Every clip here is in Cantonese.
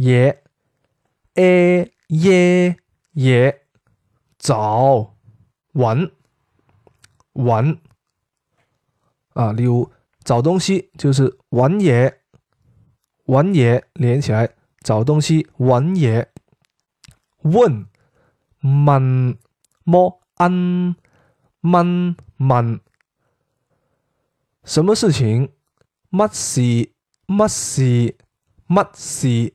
嘢，誒，嘢、欸，嘢，就揾。揾啊！例如找東，找東西，就是揾嘢，揾嘢連起來找東西，揾嘢問問乜？問問什麼事情？乜事？乜事？乜事？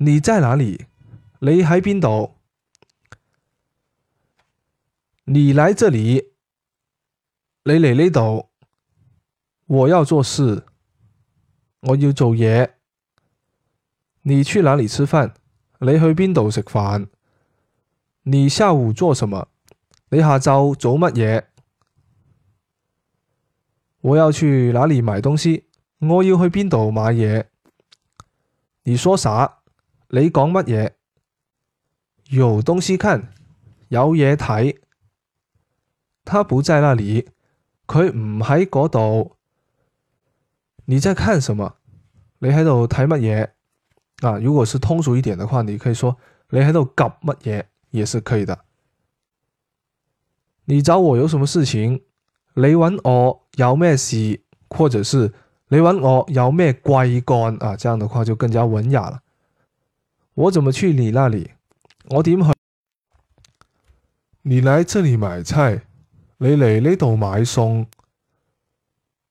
你在哪裏？你喺邊度？你來這裏？你嚟呢度？我要做事，我要做嘢。你去哪裏吃飯？你去邊度食飯？你下午做什麼？你下晝做乜嘢？我要去哪裏買東西？我要去邊度買嘢？你說啥？你講乜嘢？有東西看，有嘢睇。他不在那裏，佢唔喺嗰度。你在看什麼？你喺度睇乜嘢？啊，如果是通俗一點的話，你可以說你喺度 𥄫 乜嘢，也是可以的。你找我有什麼事情？你揾我有咩事？或者是你揾我有咩貴幹？啊，這樣的話就更加文雅了。我怎麼去你那裏？我點去？你來這裏買菜，你嚟呢度買餸。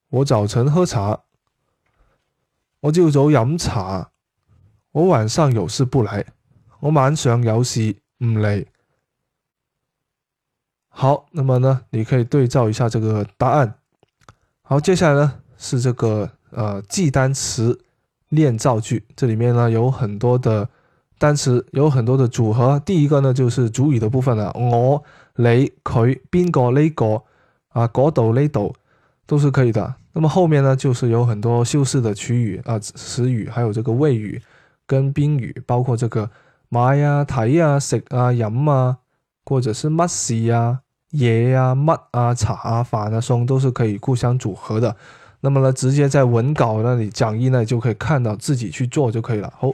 我早晨喝茶，我朝早飲茶。我晚上有事不來，我晚上有事唔嚟。好，那麼呢，你可以對照一下這個答案。好，接下來呢是這個，呃，記單詞練造句，這裏面呢有很多的。單詞有很多的組合，第一個呢就是主語的部分呢，我、你、佢、邊個、呢個啊、嗰度、呢度都是可以的。那麼後面呢就是有很多修飾的詞語啊、詞語，還有這個謂語跟賓語，包括這個買啊、睇啊、食啊、飲啊，或者是乜事啊、嘢啊、乜啊、茶啊、飯啊、餸都是可以互相組合的。那麼呢，直接在文稿那裏講義呢就可以看到，自己去做就可以了。好。